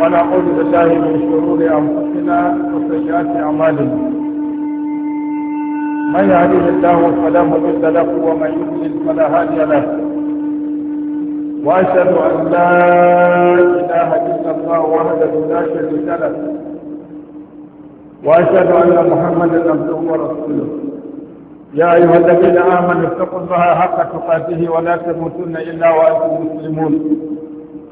ونعوذ بالله من شرور أنفسنا وسيئات أعمالنا من يهديه الله فلا مضل له ومن يضلل فلا هادي له وأشهد أن لا إله إلا الله وحده لا شريك له وأشهد أن محمدا عبده ورسوله يا أيها الذين آمنوا اتقوا الله حق تقاته ولا تموتن إلا وأنتم مسلمون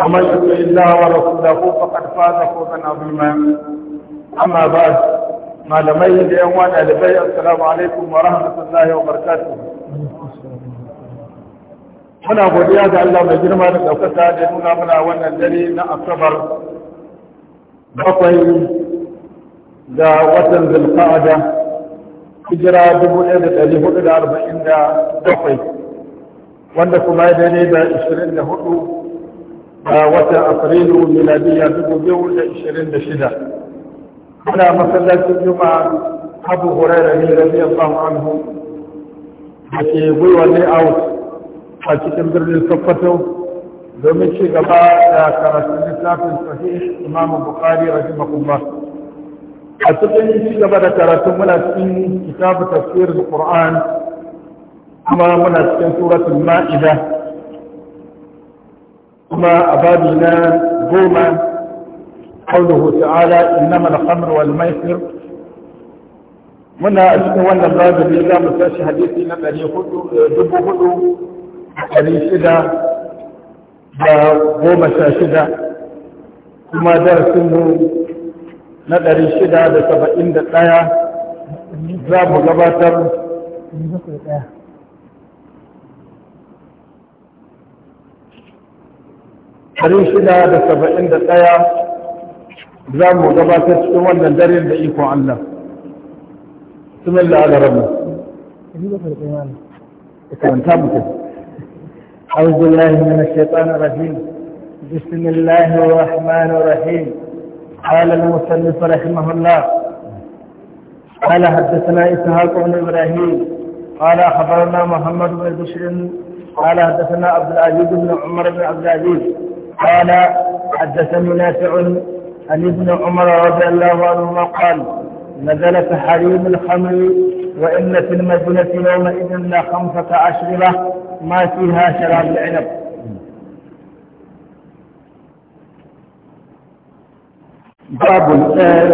ومن يطع الله ورسوله فقد فاز فوزا عظيما اما بعد ما لم لمي لاموال اهل السلام عليكم ورحمه الله وبركاته هنا غوديا ده الله ما جرم هذا الدوكتا ده نونا منا وانا الذي نأصبر بطي دا وطن ذي القاعدة اجرى دبون ايضا اللي هدو الاربعين دا دخي وانا كما يدني دا اشترين دا هدو a wata afrilu da shida. muna masallacin juma'a abu huraira ne radiyallahu anhu da ke gwiwa layout a cikin birnin sokoto domin ci gaba da karatun littafin sahih imam bukhari rahimahullah a cikin ci gaba da karatun muna cikin kitabu tafsirin qur'an kuma muna cikin suratul ma'ida kuma a babi na goma قوله تعالى إنما الخمر والميسر muna a cikin wannan ne za mu tashi hadisi na ɗari hudu eh, dubu hudu ɗari shida da goma sha shida kuma darasinmu na ɗari shida da saba'in da ɗaya za mu gabatar ɗari shida da saba'in da ɗaya za mu gabatar cikin wannan dare da ikon Allah. Sumin la'adaramu. أعوذ بالله من الشيطان الرجيم بسم الله الرحمن الرحيم قال المصنف رحمه الله قال حدثنا إسحاق بن إبراهيم قال أخبرنا محمد بن بشر قال حدثنا عبد العزيز بن عمر بن عبد العزيز قال حدثني نافع عن ابن عمر رضي الله عنهما قال نزل حريم الخمر وإن في المدينة يومئذ لا خمسة أشربة ما فيها شراب العنب باب آه،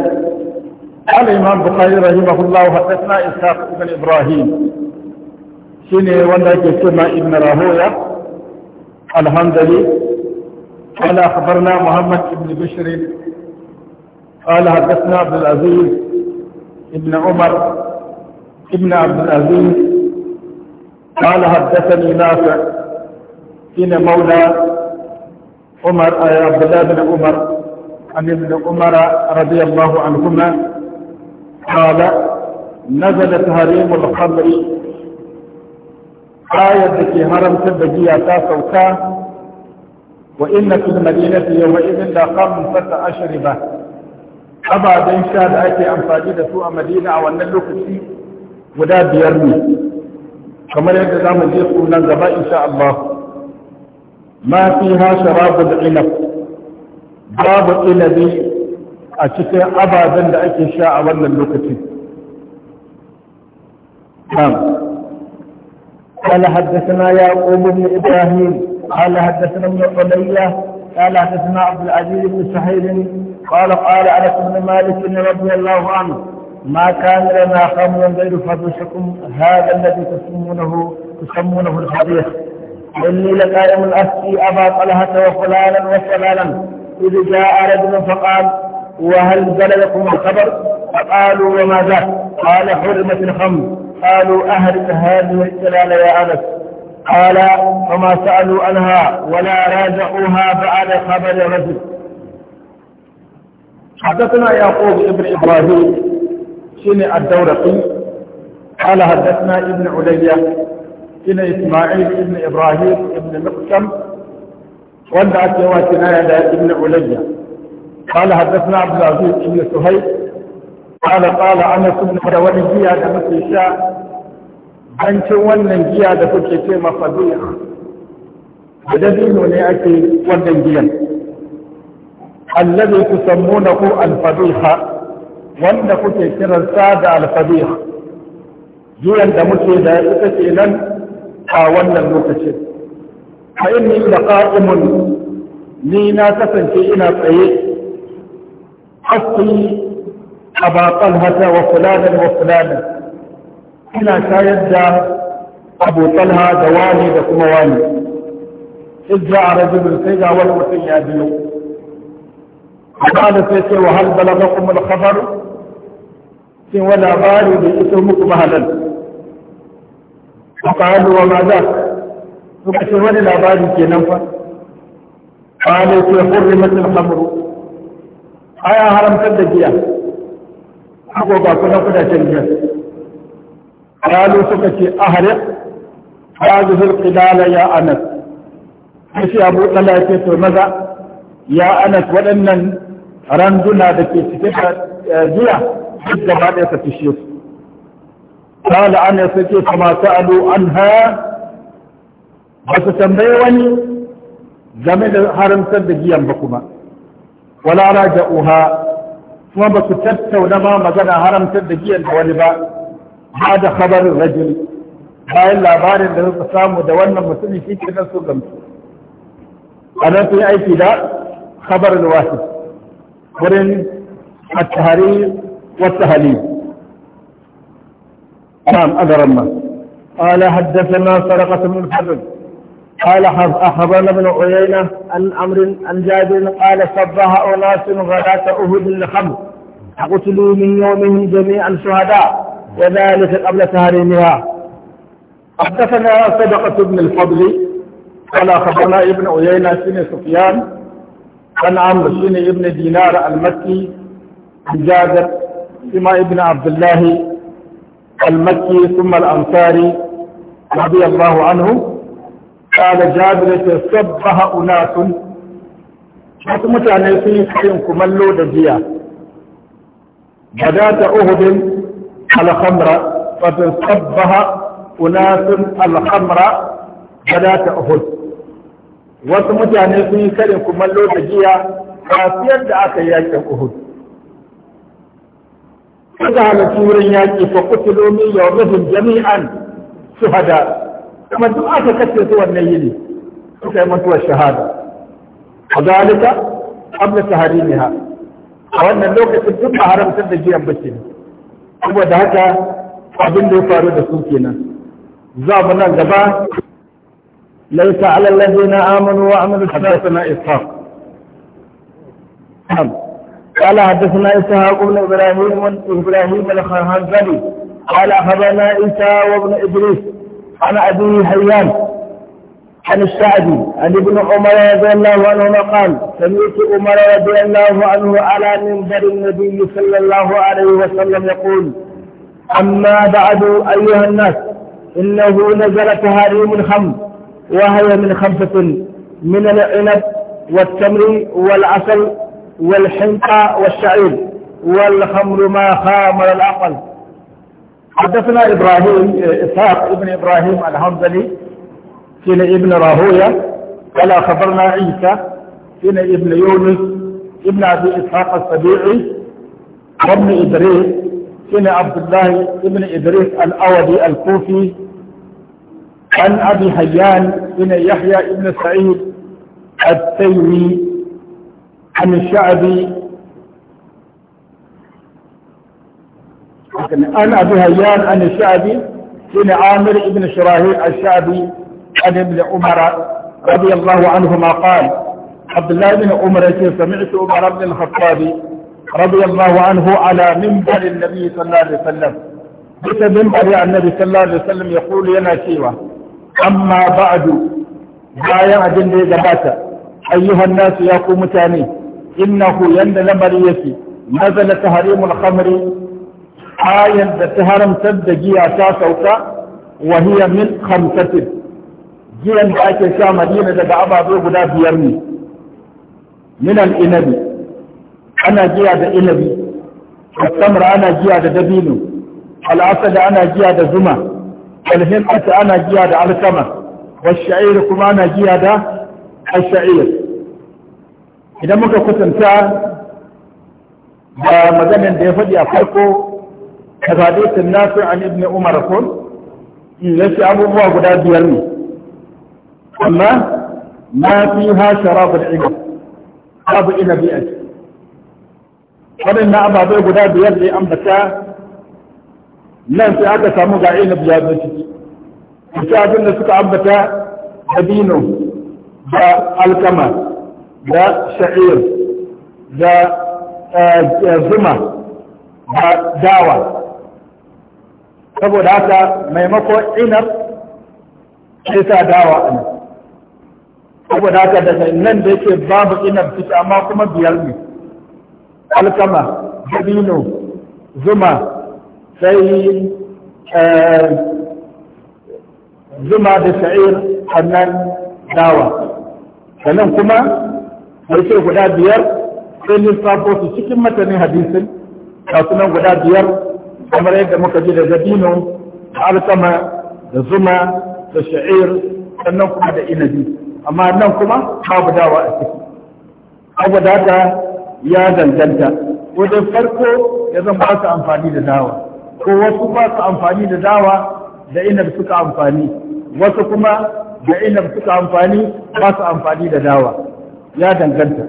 قال الإمام البخاري رحمه الله حدثنا إسحاق بن إبراهيم شنو ولا يسمى ابن راهويه الحمد لله قال أخبرنا محمد بن بشر قال حدثنا عبد العزيز ابن عمر ابن عبد العزيز قال حدثني نافع إن مولى عمر أي آه، عبد الله بن عمر عن ابن عمر رضي الله عنهما قال نزلت هريم الخمر آية التي هرمت بجيا تاسوكا وإن في المدينة يومئذ لخمسة أشربة ababen sha da ake amfani da su a madina a wannan lokaci guda biyar ne kamar yadda za mu je su nan gaba insha Allah ma fi ha sharabul inab babu inabi a cikin ababen da ake sha a wannan lokaci قال حدثنا يعقوب بن ابراهيم قال حدثنا ابن علية قال حدثنا عبد العزيز بن سهيل قال قال انس بن مالك رضي الله عنه ما كان لنا خمر غير فضلكم هذا الذي تسمونه تسمونه الحديث إني لقائم الأسقي أبا طلحة وفلانا وفلانا إذ جاء رجل فقال وهل بلغكم الخبر فقالوا وماذا قال حرمة الخمر قالوا أهل هذه الجلالة يا أنس قال فما سألوا عنها ولا راجعوها بعد خبر الرجل حدثنا يعقوب ابن إبراهيم شنع الدورقي قال حدثنا ابن عليا شنع إسماعيل ابن إبراهيم ابن مقسم ودعت واتنايا ابن عليا قال حدثنا عبد العزيز بن سهيل قال قال انس بن ولي فيها لمثل الشاء an ci wannan giya da kuke ce mafadiya da dabino ne ake wannan giyan allazi tusammuna ku alfadiha wanda kuke sa da alfadiha giyan da muke da ita ce nan a wannan lokacin fa inni laqa'imun ni na kasance ina tsaye asli aba hata wa fulanan wa fulanan ina shayar da abu talha da wani da kuma wani izra a rajulun sai ga wani mutum ya biyo A da sai ce wa hal balaga kuma al-khabar sin wa labari da ita muku mahalal qalu wa ma za suka ce wani labari kenan fa qalu fi hurrimat al A aya haramtar da giya ako ba kuna kudajen giya kalu suka ce ahriq hadhihi alqilala ya anas sai abu dala ya ce to maza ya waɗannan randuna da ke cike da giya duk gaba قال أنا سكي فما سألوا عنها بس تنبيوني game da haramtar da giyan ba kuma wala raja'uha kuma ba su tattauna ma magana haramtar da giyan da wani ba هذا خبر الرجل هاي لا labarin da قسام samu da wannan mutumin shi kenan su gamsu a nan sun yi التهريب والتهليل نعم أدرما قال حدثنا سرقة من حرب قال أخبرنا بن عيينة عن أمر عن جابر قال صبها أناس غداة أهد لخمر فقتلوا من يومهم جميعا شهداء وذلك قبل تهريمها حدثنا صدقة بن الفضل قال خبرنا ابن عيينة بن سفيان عن عمرو بن ابن دينار المكي عن جابر سمع ابن عبد الله المكي ثم الأنصاري رضي الله عنه قال جابر صبح أناس wasu mutane sun yi kayan kumallo da jiya da ta uhudin الخمر فمن صبها أناس الخمر فلا تأخذ وسمجان يسوي يعني كلمة من لو تجيها فاسير دعاك يا أهد فإذا على سورة ياتي فقتلوا من يومهم جميعا شهداء كما دعاك كثرة والنيلي فكما من توى الشهادة وذلك قبل سهرينها وأن اللوكة تبقى حرم سنة جيان saboda haka abin da ya faru da su kenan za mu nan gaba laisa alal na amanu wa amilu salihina ishaq قال حدثنا إسحاق بن إبراهيم إبراهيم الخنزري قال أخبرنا إسحاق بن إدريس عن أبي حيان عن السعدي عن ابن عمر رضي الله عنهما قال سمعت عمر رضي الله عنه على منبر النبي صلى الله عليه وسلم يقول أما بعد أيها الناس إنه نزل تهاريم الخمر وهي من خمسة من العنب والتمر والعسل والحنطة والشعير والخمر ما خامر العقل حدثنا إبراهيم إسحاق ابن إبراهيم الحنظلي كنا ابن راهوية ولا خبرنا عيسى كنا ابن يونس ابن أبي إسحاق السبيعي وابن إدريس كنا عبد الله ابن إدريس الأودي الكوفي عن أبي حيان بن يحيى بن سعيد التيوي عن الشعبي عن أبي هيان عن الشعبي بن عامر بن شراهيل الشعبي عن ابن عمر رضي الله عنهما قال عبد الله بن عمر سمعت عمر بن الخطاب رضي الله عنه على منبر النبي صلى الله عليه وسلم بيت منبر النبي صلى الله عليه وسلم يقول يا ناسيوة أما بعد لا يعدل لي جبات أيها الناس يا قومتاني إنه يند لمريتي نزل تهريم الخمر آية تهرم سد جيا تاسوكا وهي من خمسة giyan da ake sha madina daga ababe guda biyar ne minan inabi ana giya da inabi samra ana giya da dabino al'asada ana giya da zuma alhimata ana giya da alkama washair kuma ana giya da ashair idan muka kusanta da maganin da ya faɗi a farko ka zaɓe sun nasu an ibn umar kun yace abubuwa guda biyar ne أما ما فيها شراب العنب شراب إلى بيئة فلن أبا بيئة قد يلي أمتا لن سيادة سامو قاعين بيئة بيئة وشاهد أن سكا أمتا مدينه دا الكما دا شعير دا آه، آه، زمة دا داوة فبو داتا ميمكو عنب كيسا داوة أمتا saboda haka daga nan da yake babu ina fita amma kuma biyar ne alkama dabino zuma sai eh, zuma da sha'ir hannan dawa sannan kuma harshe guda biyar sai lissafofi cikin matanin hadisin nan guda biyar kamar yadda muka ji da dabino da alkama da zuma da sha'ir sannan kuma da inabi amma nan kuma babu dawa a ciki saboda ta ya danganta ko dai farko ya zan ba su amfani da dawa ko wasu ba su amfani da dawa da inab suka amfani wasu kuma da inab suka amfani ba su amfani da dawa ya danganta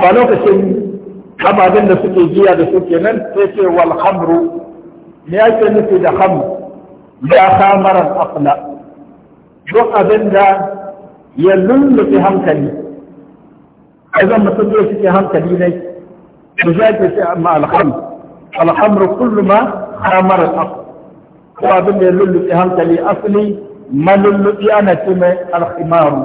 ba lokacin ababen da suke jiya da suke nan sai ce wal khamru me yake nufi da khamr ya khamaran aqla duk abin da ya lullufi hankali a zan mutum zai suke hankali ne da za ke ce amma alhamdu alhamdu kullum ma haramar al'afu ko abin da ya lullufi hankali asali malullufi ana ce mai alhimaru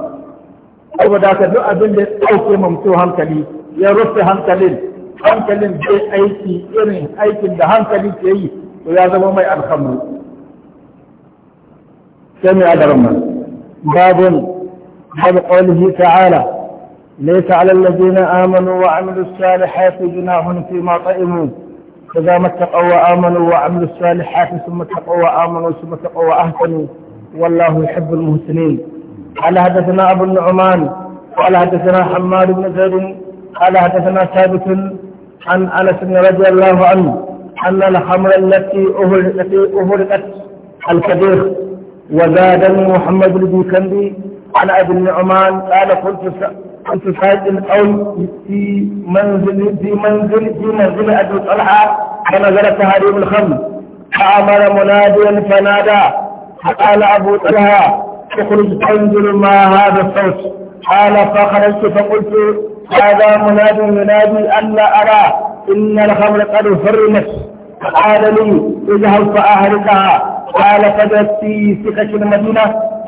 saboda ka duk abin da ya ɗauke mamto hankali ya rufe hankalin hankalin zai aiki irin aikin da hankali ke yi to ya zama mai alhamdu سمع درما باب باب قوله تعالى ليس على الذين آمنوا وعملوا الصالحات جناح فيما طئموا فإذا ما اتقوا وآمنوا وعملوا الصالحات ثم اتقوا وآمنوا ثم اتقوا وأهتنوا والله يحب المهتنين قال حدثنا أبو النعمان قال حدثنا حماد بن زيد قال حدثنا ثابت عن أنس رضي الله عنه أن الخمر التي أهلكت الكبير وزادني محمد بن كندي عن أبي النعمان قال قلت كنت سعيد أو في منزل في منزل في منزل أبي طلحة فنزل هذه الخمر فأمر مناديا فنادى فقال أبو طلحة اخرج تنزل ما هذا الصوت قال فخرجت فقلت هذا مناد ينادي ألا أرى إن الخمر قد حرمت فقال لي اذهب فأهلكها قال فدت في سكة المدينة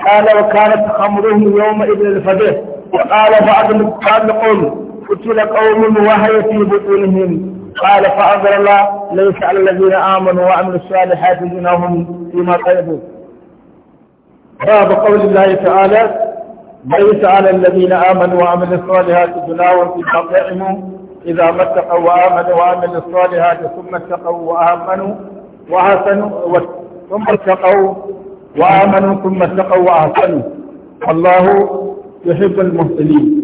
قال وكانت خمره يومئذ الفجر وقال بعض المتقال قوم قتل قوم وهي في بطونهم قال فأنظر الله ليس على الذين آمنوا وعملوا الصالحات دونهم فيما طيبوا باب قول الله تعالى ليس على الذين آمنوا وعملوا الصالحات جناهم في طيبوا إذا ما اتقوا وآمنوا وعملوا الصالحات ثم اتقوا وآمنوا وحسنوا ثم اتقوا وآمنوا ثم اتقوا وأحسنوا الله يحب المحسنين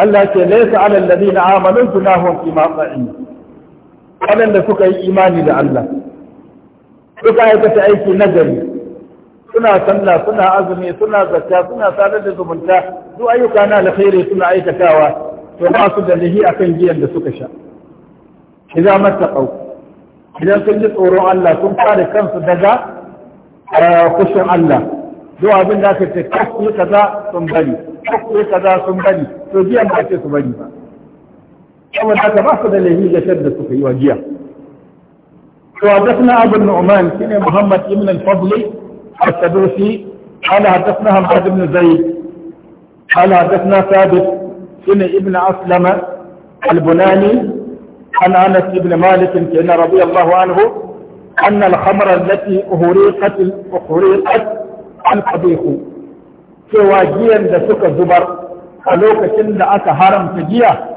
التي ليس على الذين آمنوا جناهم فيما طعموا waɗanda suka yi imani da Allah suka aikata aiki nagari suna sallah suna azumi suna zakka suna sadar da zumunta su ayyukana na alkhairi suna aikatawa to ba su da lahi akan giyan da suka sha idan idan sun ji tsoron Allah sun kare kansu daga kushin Allah duk abin da aka ce kasu kaza sun bari kasu kaza sun bari to jiya ba ce su bari ba saboda haka ba su da lahi ga da suka yi wa jiya to hadathna abu nu'man shine muhammad ibn al-fadl al-sadusi قال حدثنا حماد بن زيد قال حدثنا ثابت بن ابن اسلم البناني عن آنس بن مالك كان رضي الله عنه أن الخمر التي أهريقت أهريقت عن قبيه سواجيا لسك الزبر فلوك سند أتى هرم تجيا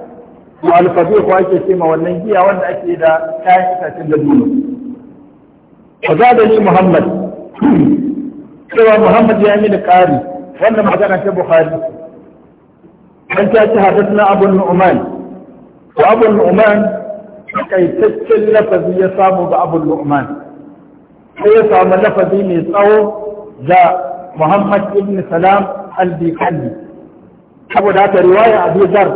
والقبيه أكي سيما والنجيا وأن أكي إذا كان سند دونه محمد سوى محمد يعمل كاري وأن ما جانا في خالي أنت أتى حدثنا أبو النعمان وأبو النعمان takaitaccen lafazi ya samu ga abu lu'man sai ya samu lafazi mai tsawo ga muhammad ibn salam al-bikalli saboda ta riwaya abu zar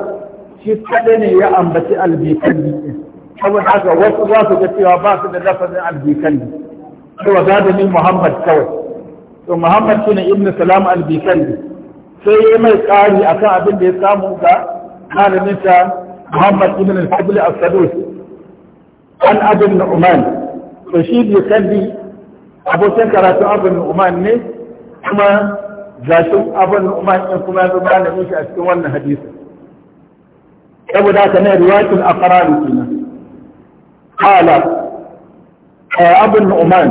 shi kaɗai ne ya ambaci al-bikalli saboda haka wasu za su ga cewa ba su da lafazin al-bikalli cewa gada muhammad kawai to muhammad shine ibn salam al-bikalli sai ya mai ƙari akan abin da ya samu ga malamin ta muhammad ibn al-fadl as-sadusi an abin na'uman to shi bi bukalli abokin karatu abin na'uman ne kuma gashin abin na'uman ɗin kuma ya zama na shi a cikin wannan hadisi saboda haka ne riwayatul aqran kenan qala abin na'uman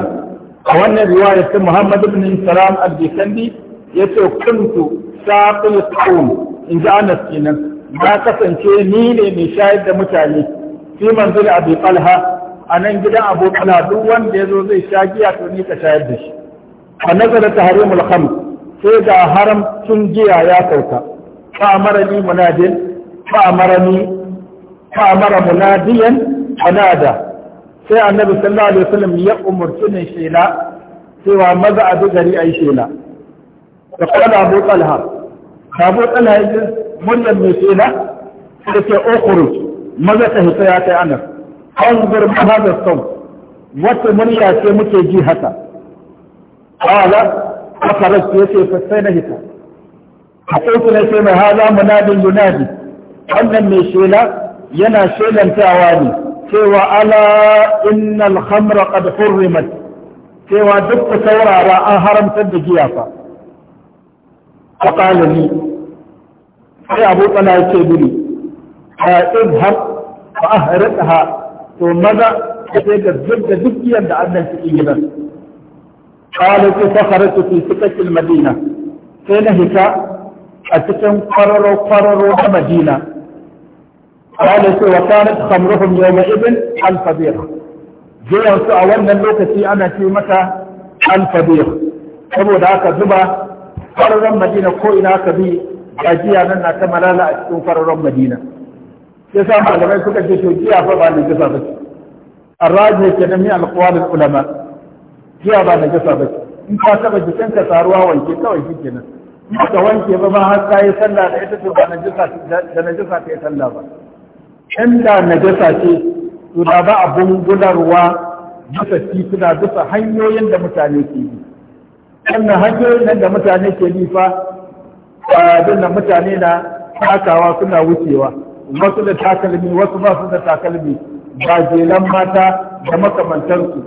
a wannan riwaya sun Muhammad ibn Salam al-Bikandi yace kuntu saqil qawm in ji Anas kenan na kasance ni ne mai shayar da mutane fi manzil abi talha a nan gidan abu talha duk wanda ya zo zai sha giya to ni ka shayar da shi a nazarar tahrimul khamr sai ga haramcin giya ya sauka fa mara ni munadin fa amara ni fa amara munadiyan anada sai annabi sallallahu alaihi wasallam ya umurci ne shela wa maza a gari ai shela da kwana abu talha abu talha ya ji muryar mai shela sai ke okuruci maza ta hito ya kai anas hanzar ma hada wata murya ce muke ji haka qala akharajtu yace ce sai na hita A hakaitu ne sai mai haza munadin yunadi wannan mai shela yana shelantawa ne cewa ala innal khamra qad hurrimat cewa duk ku saurara an haramtar da giya fa a ƙalami sai abu tsala ya ce biri اذهب فأهرقها وماذا تتجد الزبدة ذكيا لأنها تقيدا قالت فخرجت في سكة المدينة فين هكا أتكن قرروا قرروا مدينة قالت وكانت خمرهم يومئذ ألف بيرة jiran su a wannan lokaci ana ce mata alfabir saboda aka zuba fararen madina ko ina aka bi gajiya nan na ta malala a cikin fararen madina ya sa malamai suka ce to giya fa ba najasa ba ce arraji ke da min alqawalul ulama giya ba najasa ba ce in ka taba ka taruwa wanke kawai nan in ka wanke ba ma har ka yi sallah da ita to ba najasa da najasa ka yi sallah ba in da najasa ce to da ba abun gudarwa bisa tituna bisa hanyoyin da mutane ke bi wannan hanyoyin nan da mutane ke bi fa ba mutane na takawa suna wucewa wasu da takalmi wasu ba su da takalmi ba jelan mata da makamantarsu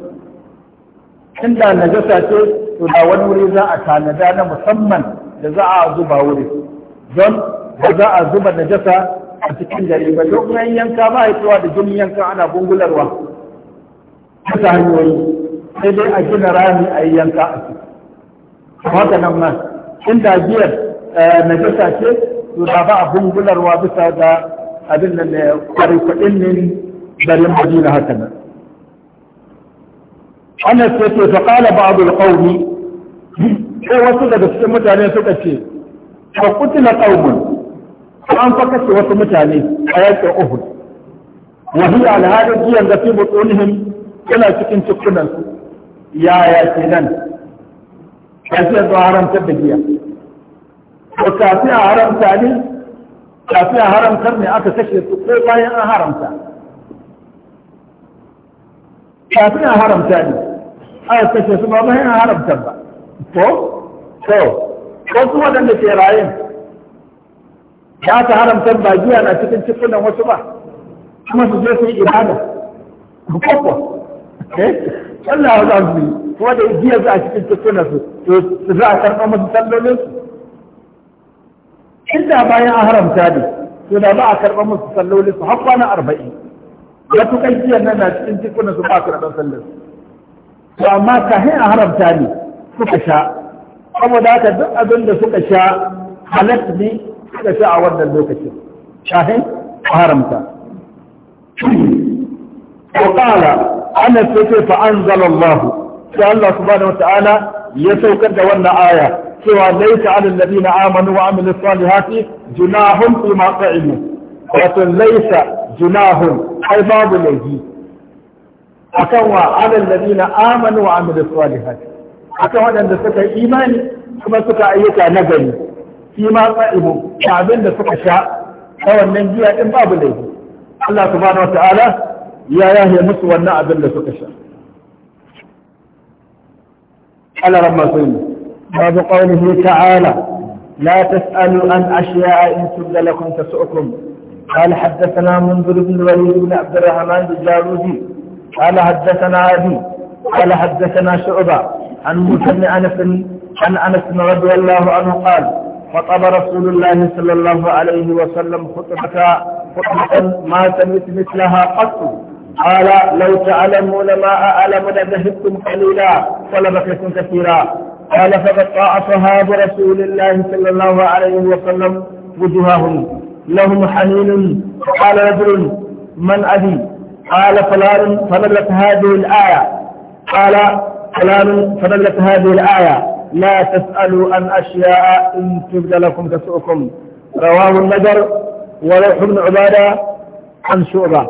inda najasa ce to da wani wuri za a tanada na musamman da za a zuba wuri don ba za a zuba najasa a cikin gari ba don kuma yanka ba a da jini yanka ana gungularwa ta hanyoyi sai dai a gina rami a yi yanka a ciki haka nan ma inda biyar eh, najasa ce to da ba a bungularwa bisa ga abin nan da kwarikwadin ne garin madina haka nan anas ya ce fa qala ba'd al-qawmi ko wasu daga cikin mutane suka ce fa qutila qaumun an fa kashe wasu mutane a yakin uhud wa hiya al-hadith yanda fi butunihim yana cikin cikunan su yaya kenan kace zo haramta da giya to kafin a haramta ne kafin a haramtar ne aka kashe su ko bayan an haramta kafin a haramta ne aka kashe su ba bayan an haramta ba ko? Ko. to wasu waɗanda ke raye ba ta haramta ba giya na cikin cikunan wasu ba kuma su je su yi ibada bukakwa eh? Allah ya za su yi kuma da giya za a cikin cikunan su to za a karɓar masu sallolinsu inda bayan an haramta ne to da ba a karɓar musu salloli su har kwana arba'in matuƙan jiyan nan na cikin jikunan su ba su karɓar sallar to amma kahin a haramta ne suka sha saboda haka duk abin da suka sha halatta ne suka sha a wannan lokacin kahin a haramta ana وقال أنا سيتي فأنزل الله قال الله ya وتعالى da wannan aya. cewa laita alal ladina amanu wa amilu salihati junahun fi ma qa'imu wato laita junahun ai babu laifi akan wa alal ladina amanu wa amilu salihati akan waɗanda suka yi imani kuma suka ayyuka na gari fi ma qa'imu abin da suka sha ta wannan giya din babu laifi Allah subhanahu wa ta'ala ya yahe musu wannan abin da suka sha Allah ramma sai باب قوله تعالى لا تسألوا عن أشياء إن تبد لكم تسؤكم قال حدثنا منذر بن الوليد بن عبد الرحمن الجارودي قال حدثنا أبي قال حدثنا شعبة عن مسلم أنس عن أنس رضي الله عنه قال خطب رسول الله صلى الله عليه وسلم خطبة خطبة ما سمعت مثلها قط قال لو تعلمون ما أعلم لذهبتم قليلا ولبقيتم كثيرا قال فقد طاع صحاب رسول الله صلى الله عليه وسلم وجوههم لهم حنين قال رجل من أبي قال فلان فدلت هذه الآية قال فلان فدلت هذه الآية لا تسألوا عن أشياء إن تبد لكم تسؤكم رواه النجر ولوح بن عبادة عن شعبة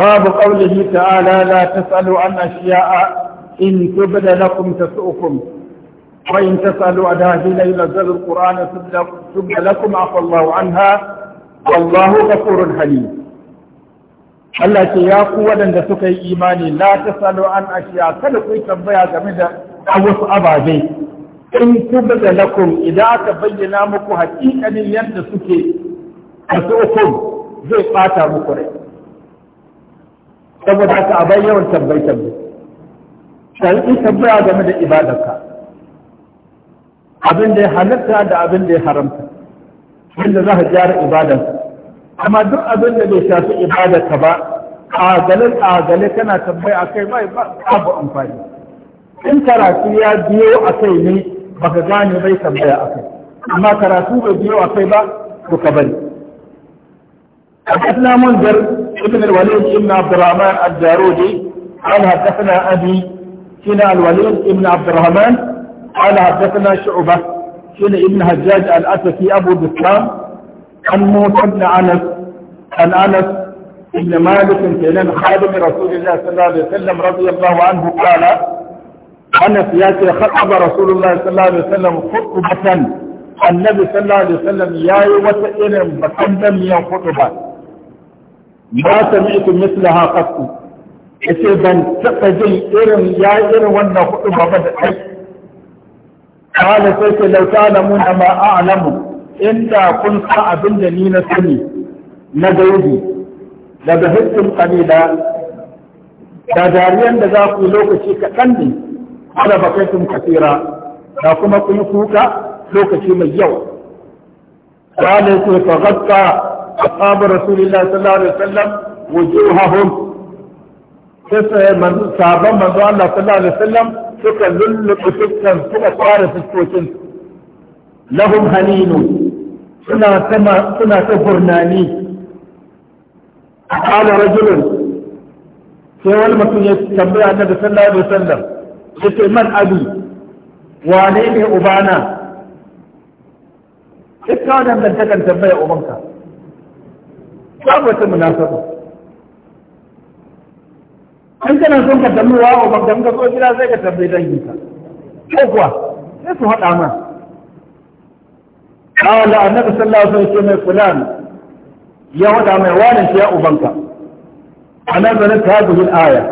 باب قوله تعالى لا تسألوا عن أشياء In إن تبد لكم تسؤكم وإن تسألوا عنها حين ينزل القرآن تبد لكم عفى الله عنها والله غفور حليم Allah ce ya ku waɗanda suka yi imani la ta salo an ashiya kada ku tambaya game da wasu ababe in tubda lakum idan aka bayyana muku haƙiƙanin yadda suke kasu'ukum zai ɓata muku rai saboda haka a bayyawan tambayi tambayi shari'i tambaya game da ibadarka abin da ya halatta da abin da ya haramta wanda za ka gyara ibadar amma duk abin da bai shafi ibadarka ba a agale kana tambaya akai bai ba amfani in karatu ya biyo kai ne baka gane bai tambaya akai amma karatu bai biyo akai ba to ka bari حدثنا منذر ابن الوليد ابن عبد الرحمن الجارودي قال حدثنا ابي كنا الوليد ابن عبد الرحمن قال حدثنا شعبة كنا ابن هجاج الأسفي أبو الإسلام عن موسى بن أنس عن أنس ابن مالك كان خادم رسول الله صلى الله عليه وسلم رضي الله عنه قال أنس ياتي خطب رسول الله صلى الله عليه وسلم خطبة النبي صلى الله عليه وسلم يا وسائل بكم يا خطبة ما سمعت مثلها قط ya ban taɓa jin irin ya irin wannan hudu ba da kai. kala sai ce lauta da na da ma'a'alamu inda kun sa abin da ni na sani na gaibi daga da hittin kalila da dariyan da za ku yi lokaci kaɗan ne kada ba kai sun kasira da kuma kun kuka lokaci mai yawa kala sai fa gaska ashabu rasulullahi sallallahu alaihi wasallam wujuhahum sabon eh, manzo Allah sallallahu alaihi wasallam suka lulluɓe fuskan suka kware fuskokin lahum halinu suna ta suna ta gurnani a kala rajulun sai wani mutum ya tambaya annabi sallallahu alaihi wasallam yace man abi wane ne ubana ita wannan dantakan tambaya ubanka babu wata munasaba an kana son ka tambi wa ba da muka so gida sai ka tambayi dangin ka ko kuwa sai su haɗa ma kawala annabi sallallahu alaihi wasallam mai fulan ya haɗa mai wani shi ya ubanka anan da ta yin aya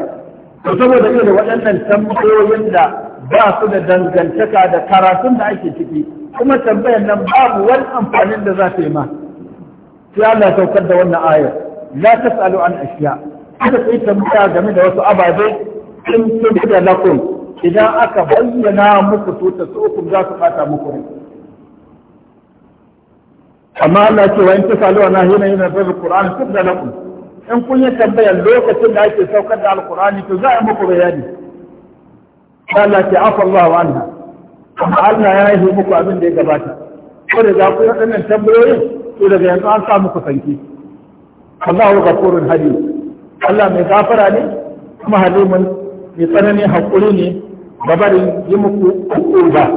to saboda irin waɗannan tambayoyin da ba su da dangantaka da karatun da ake ciki kuma tambayar nan babu wani amfanin da za ta yi ma sai Allah saukar da wannan ayar la tasalu an ashiya' aka yi tambaya game da wasu ababe in sun da lakum idan aka bayyana muku su ta su uku za su fata muku ne. amma Allah ce wa in tasalu ana hina yana da Qur'an sun da lakum in kun yi tambaya lokacin da ake saukar da Al-Qur'ani to za a muku bayani Allah ce afa Allah anha amma Allah ya yi muku abin da ya gabata ko da za ku yi waɗannan tambayoyin to daga yanzu an sa muku sanki Allahu ghafurun halim Allah mai gafara ne kuma halimun mai tsanani haƙuri ne ba bari yi muku ba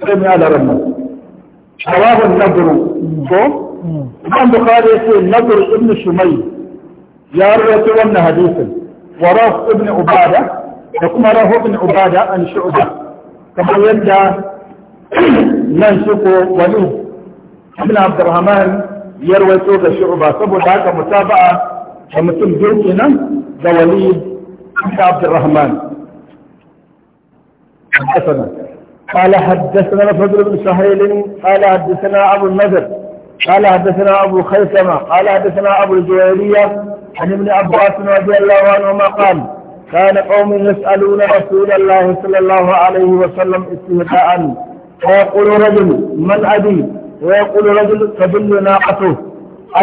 sai mai ala ranar shawabun naburu ko imam bukhari ya ce nabur ibn shumai ya rawaito wannan hadisin wa rahu ibn ubada da kuma rahu ibn ubada an shu'ba kamar yadda nan shi ko wani ibn abdurrahman ya rawaito ga shu'ba saboda haka mutaba'a da mutum biyu kenan da wali da Abdurrahman حدثنا قال حدثنا الفضل بن سهيل قال حدثنا أبو النذر قال حدثنا أبو خيثمة قال حدثنا أبو الجويرية عن ابن عباس رضي الله عنهما قال كان قوم يسألون رسول الله صلى الله عليه وسلم استهزاء فيقول رجل من أبي ويقول رجل تدل ناقته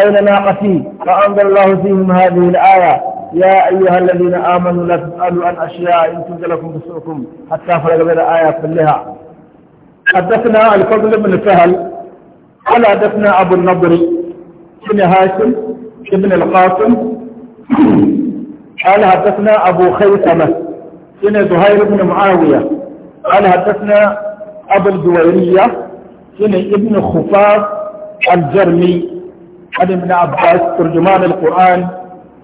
أين ناقتي فأنزل الله فيهم هذه الآية يا أيها الذين آمنوا لا تسألوا عن أشياء إن تنزل لكم بسوءكم حتى فرق بين الآيات كلها حدثنا الفضل بن سهل قال حدثنا أبو النضر بن هاشم بن القاسم قال حدثنا أبو خيثمة بن زهير بن معاوية قال حدثنا أبو الجويرية إلي ابن خفاف الجرمي عن ابن عباس ترجمان القرآن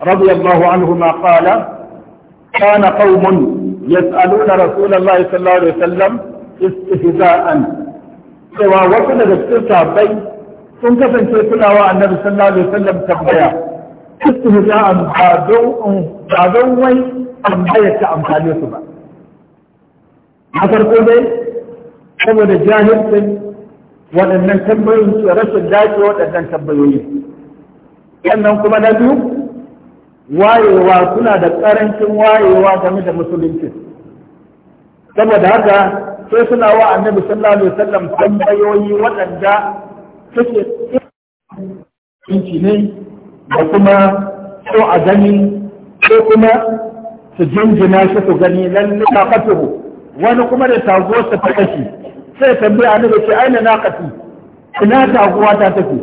رضي الله عنهما قال كان قوم يسألون رسول الله صلى الله عليه وسلم استهزاء سوى وصل دكتور تابعي سنك فنسي صلى الله عليه وسلم تبعي استهزاء بعدو بعدو وي أمعية أمثال يسوع ما تركوا به هو الجاهل waɗannan tambayoyin su rashin dace waɗannan tambayoyi sannan kuma na biyu wayewa suna da ƙarancin wayewa game da musulunci saboda haka sai suna wa annabi sallallahu alaihi wasallam tambayoyi waɗanda suke ne da kuma so a gani ko kuma su jinjina shi su gani lallai ta wani kuma da tago su ta shi. sai tambaya annabi ce aina naqati ina taguwa ta take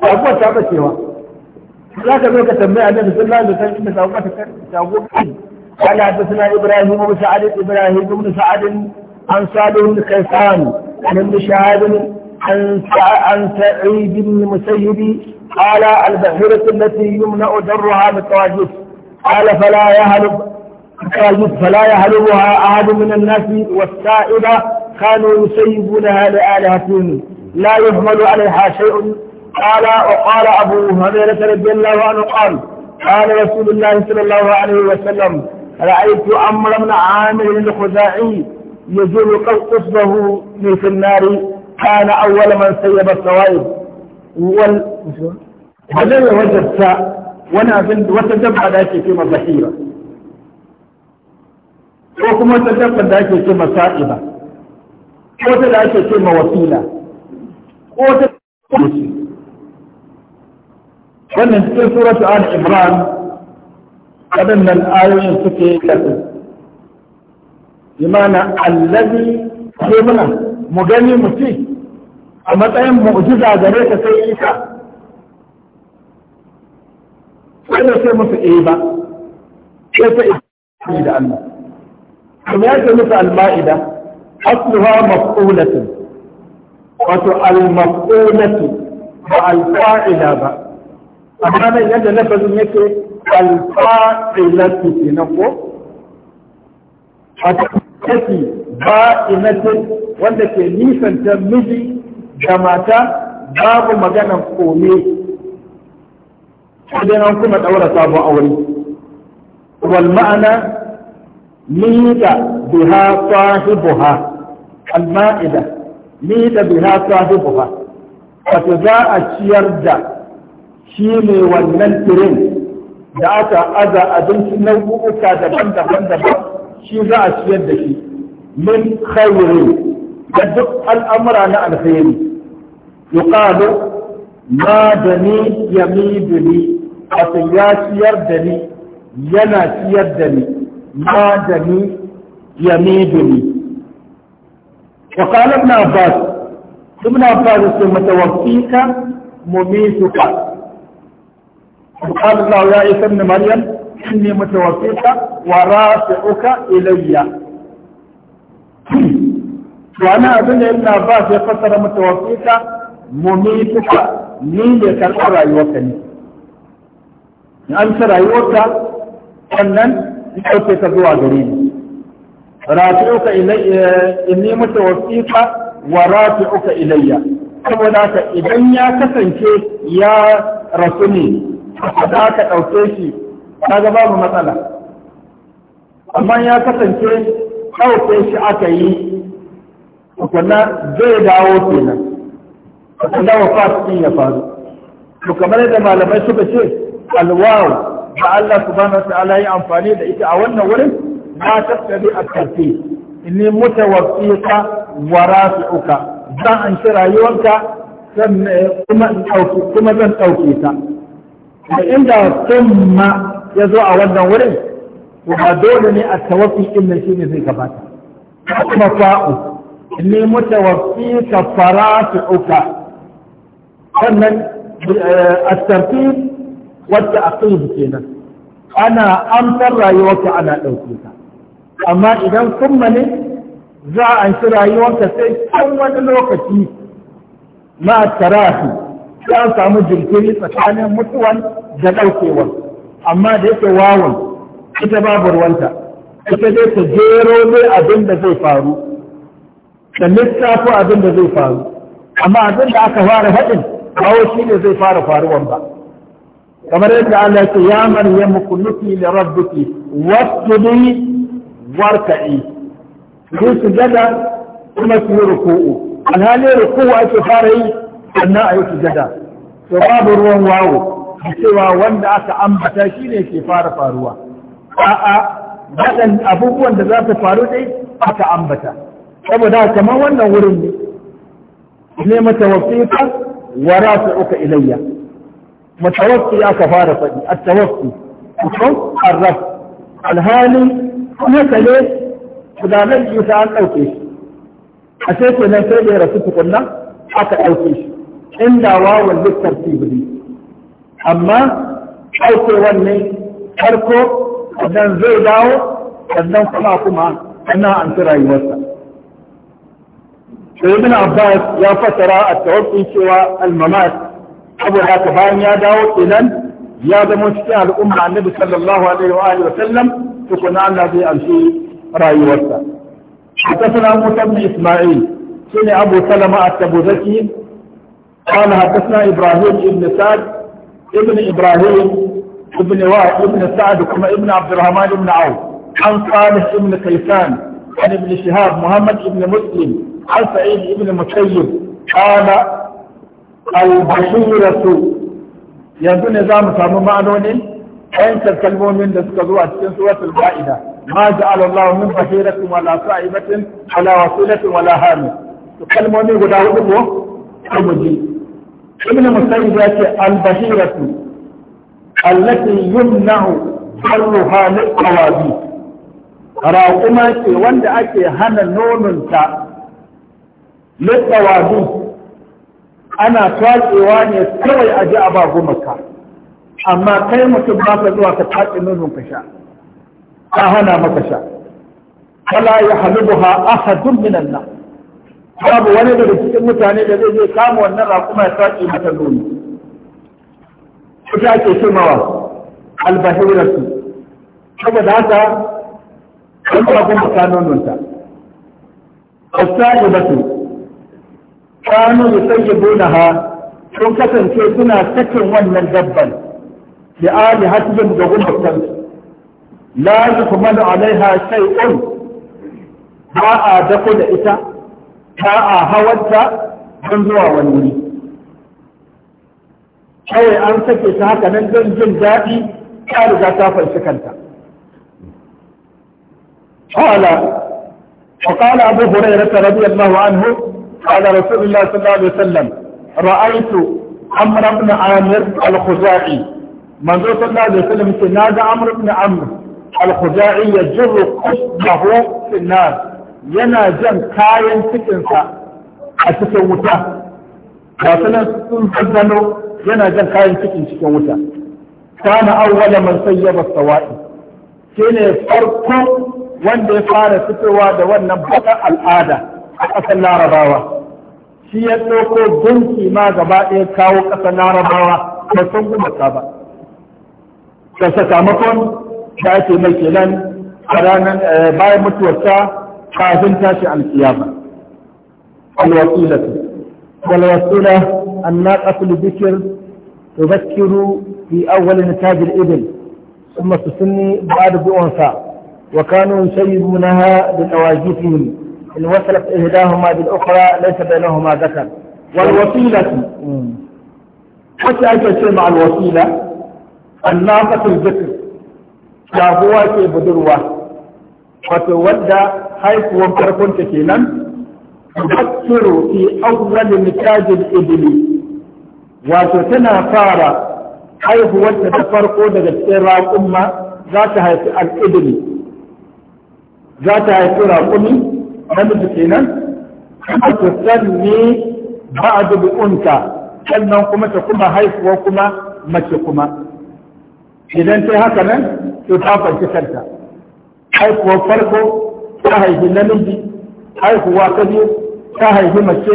taguwa ta bacewa za ka zo ka tambaya annabi sallallahu alaihi wasallam inda taguwa ta taguwa قال حدثنا ابراهيم بن سعد ابراهيم بن سعد عن صالح بن كيسان عن ابن شهاب عن عن سعيد بن المسيب قال البحيرة التي يمنع درها بالتواجد قال فلا يهلب فلا يهلبها أحد من الناس والسائبة كانوا يسيبونها لآلهتهم لا يهمل عليها شيء قال وقال أبو هريرة رضي الله عنه قال قال رسول الله صلى الله عليه وسلم رأيت أمر بن عامر الخزاعي يزول قصبه في النار كان أول من سيب الصوائب وال... هذا وجدت وانا بند وتدبع ذاك في مضحيرة وكما تدبع ذاك في مصائبة ko ta da ake ce ma wasila ko ta da shi wannan cikin suratu an imran waɗannan ayoyin suke kasu imana allazi ke muna mu gani mu ci a matsayin mu'jiza gare ka sai isa ka. da sai musu eh ba sai ta isa da Allah kuma ya ce musu al-ma'ida asluha maf'ulatu wato al-maf'ulatu ba al-fa'ila ba amma nan yadda lafazin yake al-fa'ilatu kenan ko wato take ba'inatin wanda ke nisanta miji da mata babu maganan kome sai an kuma daura sabon aure wal ma'ana ni da biha sahibuha al-ma'ida ni da biha sahibuha wato za a ciyar da shi ne wannan tirin da aka aza abinci nau'uka daban-daban daban shi za a ciyar da shi min kairi da duk al'amura na alkhairi yuqalu ma da ni yamidu ni wato ya ciyar da ni yana ciyar da ni ma da ni yamidu ni وقال ابن عباس ابن عباس متوفيك مميتك وقال الله يا عيسى ابن مريم اني متوفيك ورافعك الي وانا أظن ابن عباس يفسر متوفيك مميتك مين يكرر karɓar rayuwarka ne in an ci rayuwarka sannan in rafi'uka ilayya inni mutawaffika wa rafi'uka saboda haka idan ya kasance ya rasu ne za ka ɗauke shi ga babu matsala amma ya kasance ɗauke shi aka yi tukunna zai dawo kenan tukunna wa fasikin ya faru to kamar yadda malamai suka ce alwawu da Allah subhanahu wa ta'ala yi amfani da ita a wannan wurin ما تقتضي الترتيب اني متوفيقة ورافعك ذا ان شرى يومك ثم ذا توفيقة فإن ذا ثم يزوع ودا ورد وهدولني التوفي إلا شيء مثل كباتا ثم فاؤك اني متوفيقة فرافعك ثم الترتيب والتعقيب كينا أنا أمثل رأيوك على توفيقك amma idan kuma za a yi rayuwanka sai kan wani lokaci na tarafi sai an samu jirgin tsakanin mutuwan da ɗaukewa amma da yake wawan ita babu ruwanta ita dai ta jero ne abin da zai faru da littafi abin da zai faru amma abin da aka fara haɗin kawo shi ne zai fara faruwan ba kamar yadda Allah ya ce ya maryamu kunuti li rabbiki wasjudi warka'i su sujada kuma su yi ruku'u alhali ruku'u ake fara yi sannan a yi sujada to babu ruwan wawo A cewa wanda aka ambata shi ne ke fara faruwa a'a waɗan abubuwan da za su faru dai aka ambata saboda kamar wannan wurin ne ne matawafiqa wa rafi'uka ilayya mutawaffi aka fara faɗi at-tawaffi ko ar-raf هناك ليه اذا يسال او حسيت ان سيد رسول قلنا حتى او كيف الا واو اما او كي اركو ادن زي داو ادن سما كما انا انت راي وسط عباس يا فترة التوقي سوى الممات ابو هاتفان يا داو اذن ya zama cikin al'umma annabi sallallahu alaihi wa alihi wa sallam tukuna Allah zai amshi rayuwarsa حدثنا موسى بن اسماعيل سمع ابو سلمة التبوذكي قال حدثنا ابراهيم بن سعد ابن ابراهيم ابن وائل ابن سعد كما ابن عبد الرحمن بن عوف عن صالح بن كيسان عن ابن شهاب محمد بن مسلم عن سعيد بن مسيب قال البشيرة yanzu ne za mu samu ma'anonin ayantar kalmomin da suka zo a cikin suratul ba'ida ma ja'ala Allah min bahiratin wala sa'ibatin wala wasilatin wala hami to kalmomi guda hudu ko mu ji ibn musayyib ya ce al bahiratu allati yumna'u farruha lil qawabi raquma ce wanda ake hana nononta lil qawabi ana tatsewa ne kawai a ji a ba gumaka amma kai mutum ba ka zuwa ka tatse nonon ka sha ka hana maka sha fala ya halubuha ahadun minan nan babu wani daga cikin mutane da zai je kama wannan raƙuma ya tatse mata nono ita ake cimawa albahiratu saboda haka kan raƙuma ka nononta. Asa'ibatu kanu yusayyibunaha sun kasance suna sakin wannan dabban da ali hatibin da gumakan la yukmalu alaiha shay'un ba a dako da ita ba a hawarta don zuwa wani wuri kawai an sake ta haka nan don jin daɗi ta riga ta fanshi kanta قال وقال أبو هريرة رضي الله عنه قال رسول الله صلى الله عليه وسلم رأيت عمرو بن عامر الخزاعي منذ صلى الله عليه وسلم نادى عمرو بن عمرو الخزاعي يجر قصده في النار yana jan kayan cikinsa a cikin wuta ga sun zazzano yana jan kayan cikin cikin wuta kana awwala man sayyaba sawa'i shine farko wanda ya fara fitowa da wannan bakar al'ada a ƙasar larabawa shi ya ɗauko gunki ma gaba ɗaya kawo ƙasar larabawa ba san gumaka ba da sakamakon da ake mai kenan a ranar eh, bayan mutuwarsa kafin tashi alkiyama alwasilatu والوسيلة الناقة البكر تذكر في أول نتاج الإبل ثم تسني بعد da وكانوا يشيبونها بأواجفهم إن وصلت إهداهما بالأخرى ليس بينهما ذكر والوسيلة حتى أجل مع الوسيلة الناقة الذكر شاهوة ke budurwa wato wadda haifuwan farkonta kenan tubakiru fi awwal cajin ibli wato tana fara haihuwarta ta farko daga cikin raƙumma za ta haifi za ta haifi raƙumi namiji kenan ta tusanni ba'du bi unta sannan kuma ta kuma haifuwa kuma mace kuma idan ta haka nan to ta fanci kanta haifuwar farko ta haihi namiji haihuwa ta biyu ta haifi mace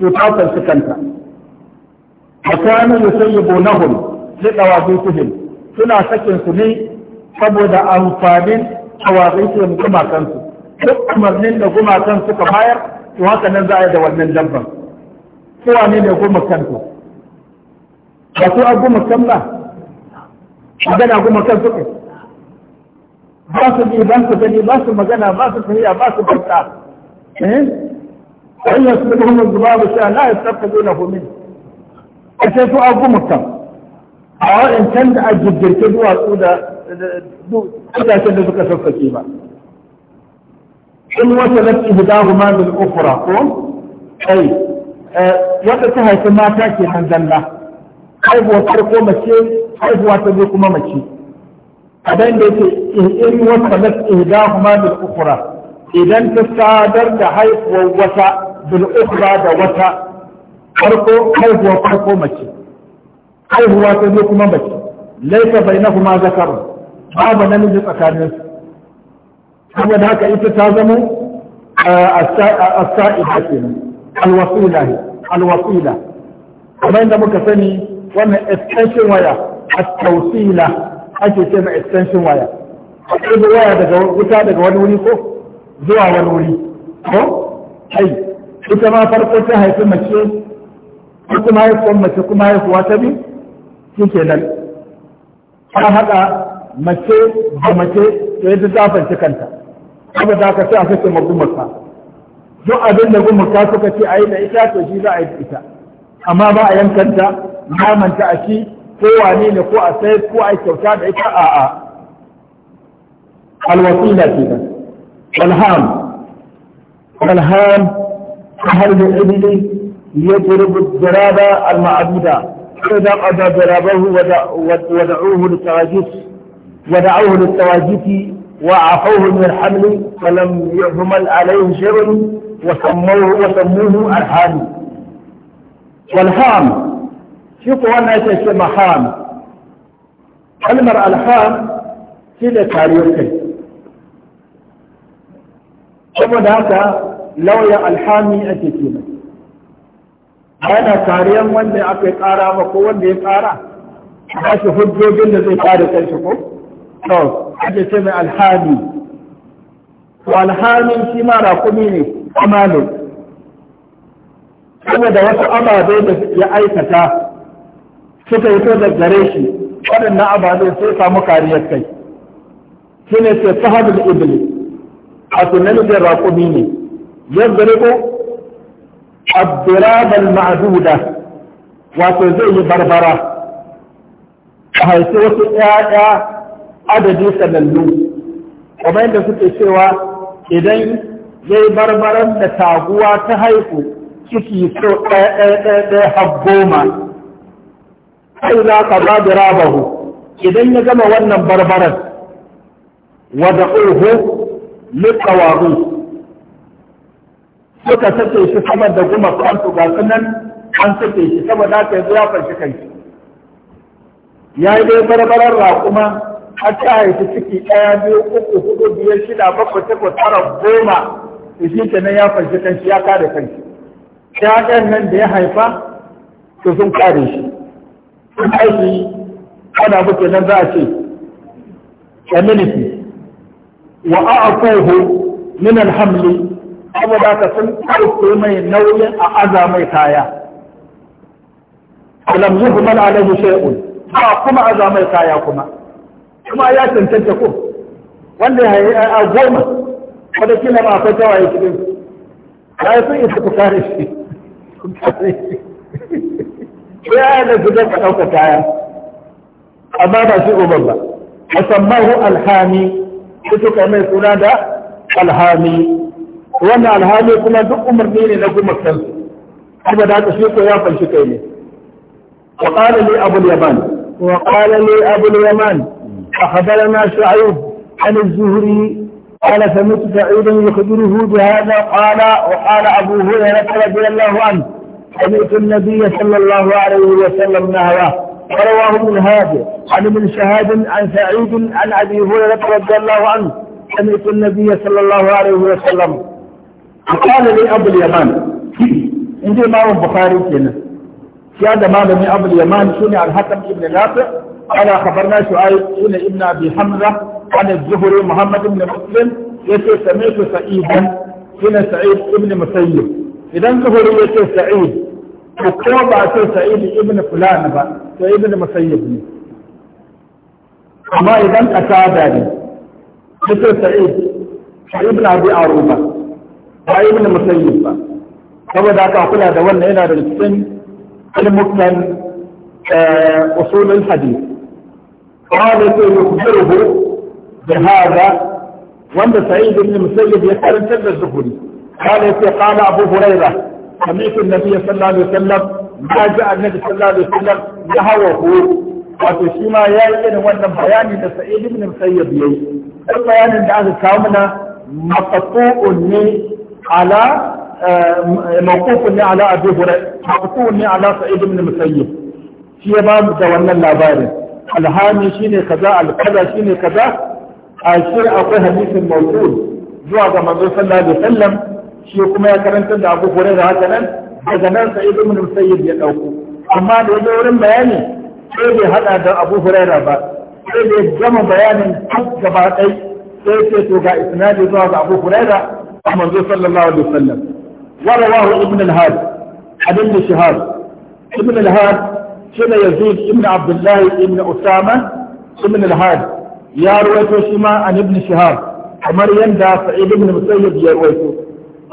to ta fanci kanta makanin yusayyibu nahum li dawabitihim suna sakin su ne saboda amfanin tawaqitu mutumakansu duk umarnin da gumakan suka bayar to haka nan za a yi da wannan dabban kowa ne ne gumakan to ba su a kan ba magana kan suka ba su ji ba su gani ba su magana ba su tafiya ba su bauta eh ayyar su da kuma zuba ba sha la yastaqbiluna na min sai su a kan. a waɗancan da a jirgin duwatsu da ƙasashen da suka sassake ba in wata lati hidahu ma min ukura ko kai. wata ta haifi mata ke nan zalla haihuwa farko mace haihuwa ta biyu kuma mace abin da yake in wata lati hidahu ma min ukura, idan ta sadar da haihuwar wata bil ukura da wata farko haihuwa farko mace haihuwa ta biyu kuma mace bai na kuma zakarun babu namiji tsakaninsu saboda haka ita ta zama a saida kenan al-wasila al-wasila kamar da muka sani wannan extension waya a tawsila ake ce na extension waya akwai waya daga wuta daga wani wuri ko zuwa wani wuri ko ai ita ma farko ta haifi mace ko kuma haifuwan mace kuma haifuwa ta biyu shi ke nan ta haɗa mace da mace ta yadda ta fanci kanta abu da aka ce a sake magumaka duk abin da gumaka suka ce a yi da ita to shi za a yi da ita amma ba a yankanta namanta a shi ko wane ne ko a sai ko a kyauta da ita a a alwasila ke nan walham walham har da ibili ya jirbi jiraba al-ma'abuda فإذا قضى ضربه ودعوه للتواجد ودعوه للتواجد وعفوه من الحمل فلم يهمل عليه شر وسموه وسموه الحام والحام شوفوا انا يسمى حام المرء الحام كذا تاريخه ثم هذا لو يا الحامي اتيتنا انا تاريخ من اللي اكي قارا وكو اللي قارا هذا حجوج اللي زي to ake ce mai alhami to alhami shi ma raƙumi wasu ababe da ya aikata suka yi to da gare shi waɗannan ababe sai samu kariyar kai shi ne ce sahabul iblis a tunanin da raƙumi ne yadda riko abdurabal ma'aduda wato zai yi barbara a haifi wasu ‘ya'ya adadi sanannu kuma yadda suke cewa idan ya yi barbaran da taguwa ta haihu ciki so ɗaya ɗaya ɗaya har goma sai za ka ba da rabahu idan ya gama wannan barbaran wada ƙulhu liƙawaru suka sake shi sama da guma kansu ga sunan an sake shi saboda haka yanzu ya fashi kai ya yi dai barbaran raƙuma har ta haifi ciki ɗaya biyu uku hudu biyar shida bakwai takwas tara goma da shi nan ya farshe kanshi ya kare kanshi ƴaƴan nan da ya haifa to sun kare shi sun haifi ana muke nan za a ce community wa a'aquhu min alhamli saboda ka sun karfe mai nauyin a aza mai kaya alam yuhmal alaihi shay'un ba kuma aza mai kaya kuma kuma ya cancanta ko wanda ya yi a goma wanda kila ba akwai tawaye cikin ya yi sun isa ku kare shi ko ya yi da gidan ka ɗauka kaya amma ba shi uban ba musamman hu alhami su suka mai suna da alhami wanda alhami kuma duk umarni ne na gumakan kuma da haka shi ko ya fanshi kai ne وقال لي أبو اليمان وقال لي أبو اليمان أخبرنا شعيب عن الزهري قال سمعت سعيدا يخبره بهذا قال وقال أبو هريرة رضي الله عنه سمعت النبي صلى الله عليه وسلم نهواه ورواه ابن هادي عن ابن شهاد عن سعيد عن أبي هريرة رضي الله عنه سمعت النبي صلى الله عليه وسلم قال لي أبو اليمان عندي هو البخاري كنا في هذا ما لم أبو اليمان سمع الحكم ابن نافع قال خبرنا شعيب إن إبن أبي حمزة عن الزهري محمد بن مسلم يسير سميت سعيدا بن سعيد بن مسيب إذا الزهري يسير سعيد وكوبا يسير سعيد بن فلان بقى بن مسيب أما إذا أتابع يسير سعيد ابن أبي عروبة بن مسيب بقى فبدا كأقول هذا وأن إلى رجل المكن آه، أصول الحديث قال سيخبره بهذا وأن سعيد بن المسيب يكرم كل الزهري قال قال أبو هريرة سمعت النبي صلى الله عليه وسلم ما جاء النبي صلى الله عليه وسلم نهوه wato shi ma ya yi irin wannan bayani da sa'id ibn musayyib yayi dan bayanin da aka kawo mana maqtu'un ne ala mawqufun ne ala abu hurairah maqtu'un ne ala sa'id ibn musayyib shi ya ba da wannan labarin alhami shine kaza alkaza shine kaza ashir akwai hadisin mawqul zuwa ga manzo sallallahu alaihi wasallam shi kuma ya karanta da Abu Hurairah haka nan daga nan Sa'id ibn Musayyib ya dauko amma da yaje wurin bayani sai bai hada da Abu Hurairah ba sai bai gama bayanin duk gaba ɗai sai ce to ga isnadi zuwa ga Abu Hurairah da manzo sallallahu alaihi wasallam wa rawahu ibn al-Had abin da ibn al-Had شنا يزيد ابن عبد الله ابن أسامة ابن الهاد يا رويته شما عن ابن شهاب حمر يندى سعيد ابن مسيد يا رويته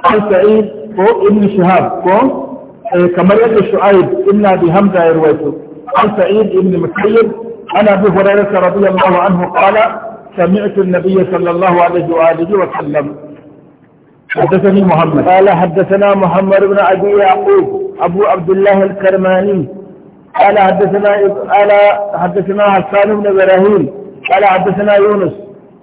عن سعيد هو ابن شهاب كو إيه، كمر يندى شعيب ابن أبي همزة يا رويته عن سعيد ابن مسيد عن أبي هريرة رضي الله عنه قال سمعت النبي صلى الله عليه وآله وسلم حدثني محمد قال حدثنا محمد بن أبي يعقوب أبو عبد الله الكرماني قال حدثنا قال حدثنا حسان بن ابراهيم قال حدثنا يونس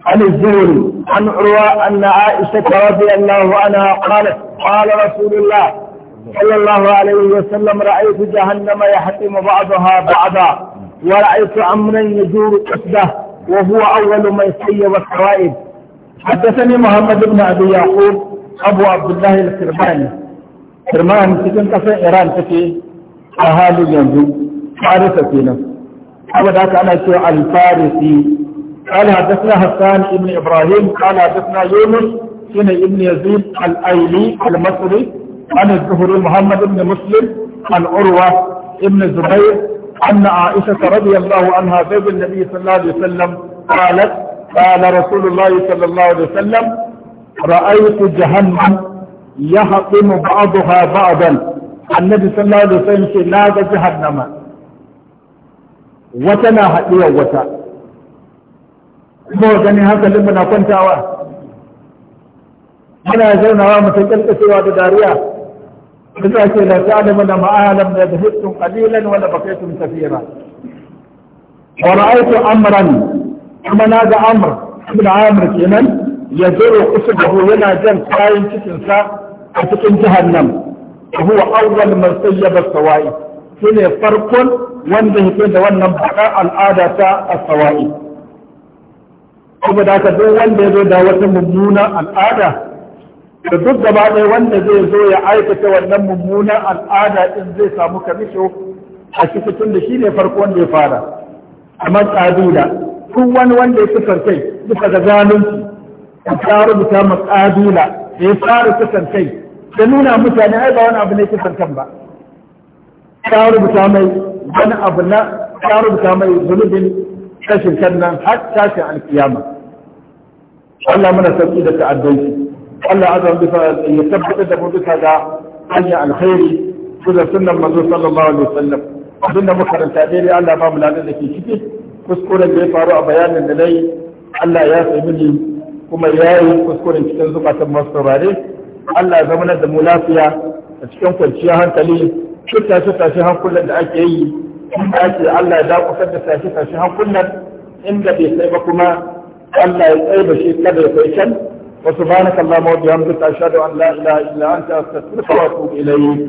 عن الزهري عن عروة أن عائشة رضي الله عنها قالت قال رسول الله صلى الله عليه وسلم رأيت جهنم يحتم بعضها بعضا ورأيت أمرا يزور قصده وهو أول من سيب الحوائب حدثني محمد بن أبي يعقوب أبو عبد الله الكرماني كرمان كنت في إيران تكي a halin yanzu farisa kenan saboda haka ana cewa al-farisi قال حدثنا حسان ابن إبراهيم قال حدثنا يونس ابن ابن يزيد الأيلي المصري عن الزهري محمد بن مسلم عن عروة ابن الزبير أن عائشة رضي الله عنها زوج النبي صلى الله عليه وسلم قالت قال رسول الله صلى الله عليه وسلم رأيت جهنم يهطم بعضها بعضا annabi sallallahu alaihi wasallam ce na ga jahannama wata na haɗuwar wata kuma gani hankalin mu na kwantawa muna zaunawa mu ta kalkacewa da dariya da ce la ta'lamu la ma'alam la dhahibtum qalilan wa la baqaytum kathira wa ra'aytu amran kuma na ga amr ibn amr kenan ya zuru usubahu yana jan kayan cikinsa a cikin jahannam huwa awwal man sayyaba sawa'i shine farkon wanda yake da wannan bakar al'ada ta as-sawa'i saboda haka duk wanda ya zo da wata mummunan al'ada da duk gaba ɗaya wanda zai zo ya aikata wannan mummunan al'ada ɗin zai samu kamisho a cikin da shine farko da ya fara amma tsadila duk wani wanda ya fitar kai duka ga zalunci a rubuta ma tsadila ya fara fitar kai da nuna mutane ai ba wani abu ne kisan kan ba ta rubuta mai wani abu na ta rubuta mai zunubin kashin kan nan har tashin alkiyama Allah muna sauki da ta'addanci Allah azan bisa ya tabbatar da mu bisa ga hanyar alkhairi da sunnan manzo sallallahu alaihi wasallam abinda makaranta daidai Allah ba mu ladan da ke ciki kuskuren da ya faru a bayanin da nayi Allah ya sai mini kuma ya yi kuskuren cikin zukatan masu saurare Allah ya zama da mu lafiya a cikin kwanciyar hankali duk tashe tashe hankulan da ake yi inda ake Allah ya dakusar da tashe tashe hankulan inda bai sai ba kuma Allah ya tsaye da shi kada ya kai can wa subhanaka allahumma wa bihamdika ashhadu an la ilaha illa anta astaghfiruka wa atubu ilayk